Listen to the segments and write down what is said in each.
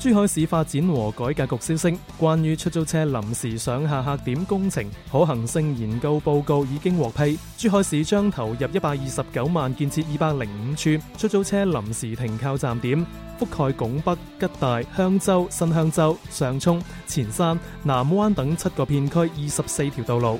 珠海市發展和改革局消息，關於出租車臨時上下客點工程可行性研究報告已經獲批，珠海市將投入一百二十九萬建設二百零五處出租車臨時停靠站點，覆蓋拱北、吉大、香洲、新香洲、上沖、前山、南灣等七個片區二十四條道路。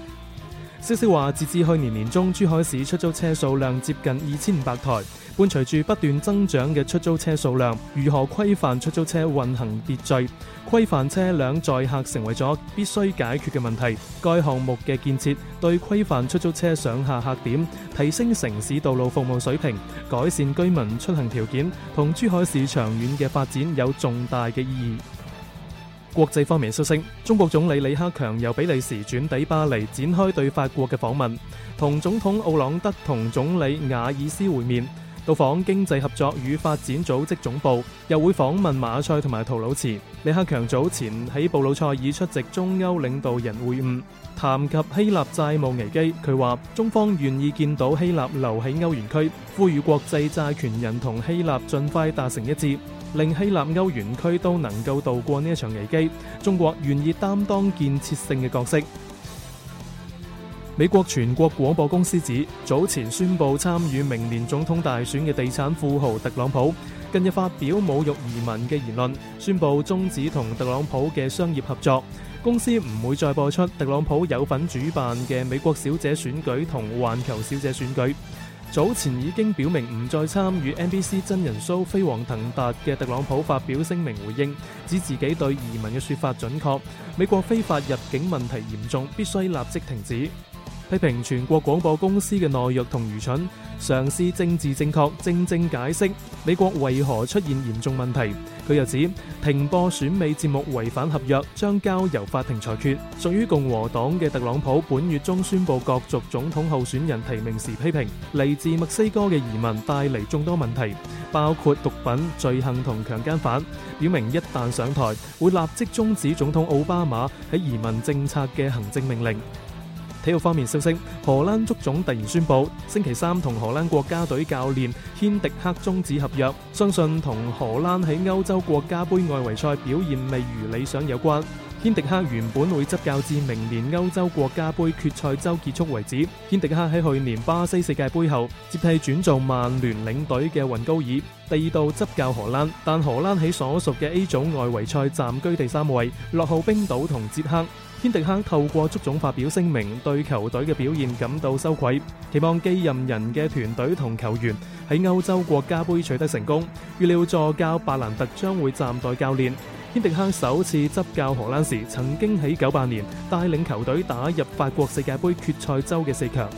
消息話，截至去年年中，珠海市出租車數量接近二千五百台。伴隨住不斷增長嘅出租車數量，如何規範出租車運行秩序、規範車輛載客，成為咗必須解決嘅問題。該項目嘅建設，對規範出租車上下客點、提升城市道路服務水平、改善居民出行條件，同珠海市長遠嘅發展有重大嘅意義。國際方面消息，中國總理李克強由比利時轉抵巴黎，展開對法國嘅訪問，同總統奧朗德同總理瓦爾斯會面，到訪經濟合作與發展組織總部，又會訪問馬賽同埋圖盧茲。李克強早前喺布魯塞爾出席中歐領導人會晤，談及希臘債務危機，佢話中方願意見到希臘留喺歐元區，呼籲國際債權人同希臘盡快達成一致。令希臘歐元區都能夠渡過呢一場危機，中國願意擔當建設性嘅角色。美國全國廣播公司指，早前宣布參與明年總統大選嘅地產富豪特朗普，近日發表侮辱移民嘅言論，宣布終止同特朗普嘅商業合作。公司唔會再播出特朗普有份主辦嘅美國小姐選舉同環球小姐選舉。早前已經表明唔再參與 NBC 真人 show《飛黃騰達》嘅特朗普發表聲明回應，指自己對移民嘅說法準確，美國非法入境問題嚴重，必須立即停止。批評全國廣播公司嘅懦弱同愚蠢，嘗試政治正確、正正解釋美國為何出現嚴重問題。佢又指停播選美節目違反合約，將交由法庭裁決。屬於共和黨嘅特朗普，本月中宣布角逐總統候選人提名時批評，嚟自墨西哥嘅移民帶嚟眾多問題，包括毒品、罪行同強姦犯，表明一旦上台會立即終止總統奧巴馬喺移民政策嘅行政命令。體育方面消息，荷蘭足總突然宣布，星期三同荷蘭國家隊教練軒迪克終止合約，相信同荷蘭喺歐洲國家盃外圍賽表現未如理想有關。軒迪克原本會執教至明年歐洲國家盃決賽周結束為止。軒迪克喺去年巴西世界盃後接替轉做曼聯領隊嘅雲高爾，第二度執教荷蘭。但荷蘭喺所屬嘅 A 組外圍賽暫居第三位，落後冰島同捷克。軒迪克透過足總發表聲明，對球隊嘅表現感到羞愧，期望繼任人嘅團隊同球員喺歐洲國家盃取得成功。預料助教白蘭特將會暫代教練。迪克首次執教荷蘭時，曾經喺九八年帶領球隊打入法國世界杯決賽周嘅四強。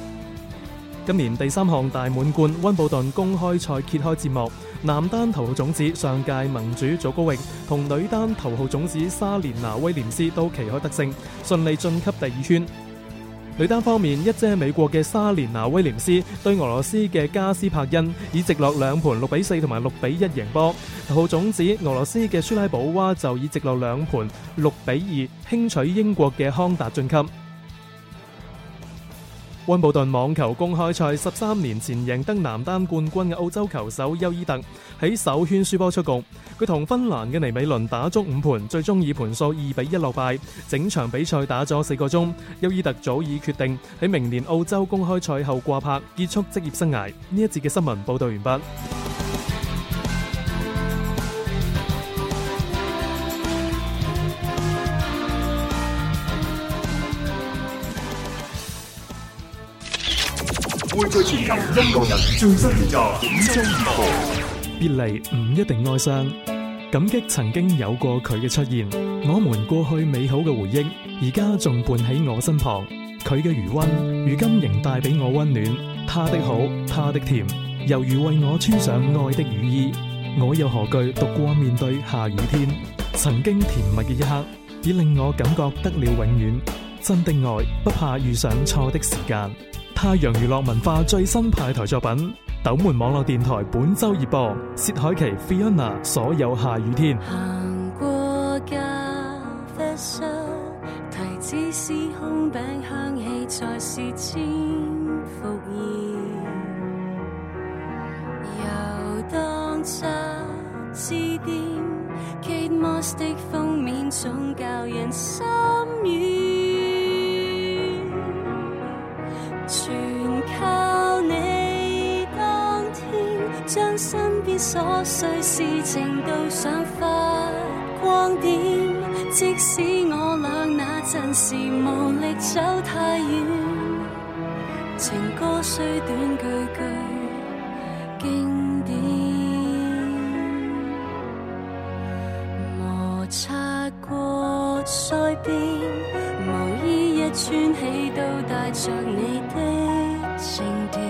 今年第三項大滿貫溫布頓公開賽揭開戰幕，男單頭號種子上屆盟主祖高域同女單頭號種子莎蓮娜威廉斯都旗開得勝，順利晉級第二圈。女單方面，一姐美國嘅莎蓮娜威廉斯對俄羅斯嘅加斯帕恩，以直落兩盤六比四同埋六比一贏波。頭號種子俄羅斯嘅舒拉寶娃就以直落兩盤六比二輕取英國嘅康達晉級。溫布頓網球公開賽十三年前贏得男單冠軍嘅澳洲球手尤爾特喺首圈輸波出局，佢同芬蘭嘅尼米倫打足五盤，最終以盤數二比一落敗。整場比賽打咗四個鐘，尤爾特早已決定喺明年澳洲公開賽後掛拍結束職業生涯。呢一節嘅新聞報道完畢。會聚天間，一個人最真摯，始終無別離，唔一定哀傷，感激曾經有過佢嘅出現，我們過去美好嘅回憶，而家仲伴喺我身旁。佢嘅餘溫，如今仍帶俾我溫暖。他的好，他的甜，猶如為我穿上愛的雨衣。我又何懼獨過面對下雨天？曾經甜蜜嘅一刻，已令我感覺得了永遠。真的愛，不怕遇上錯的時間。太陽娛樂文化最新派台作品，斗門網絡電台本周熱播。薛凱琪、Fiona 所有下雨天。行過咖啡室，Fresser，提子芝士烘餅香氣，再是千幅言。又當雜誌店，Kate Moss 的封面總教人心軟。瑣碎事情都想發光點，即使我倆那陣時無力走太遠，情歌雖短句句經典，摩擦過腮邊，毛衣一穿起到帶着你的情調。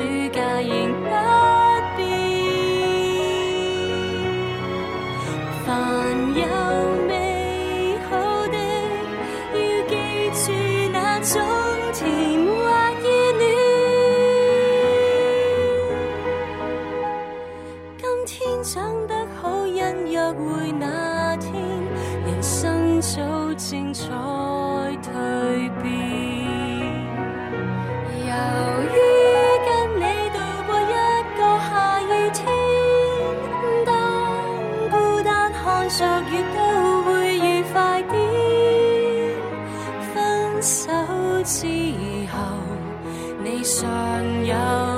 暑假仍不變，凡有美好的，要記住那種甜或意戀，今天長得好，因約會那天，人生早正在蛻變。之後，你尚有。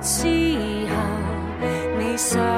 之後，你想。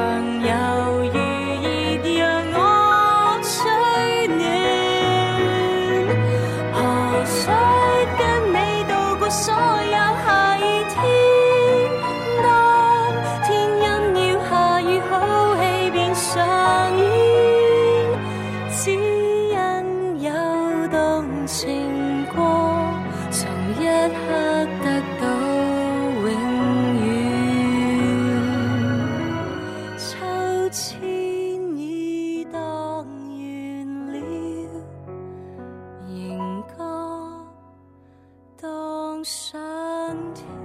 上天。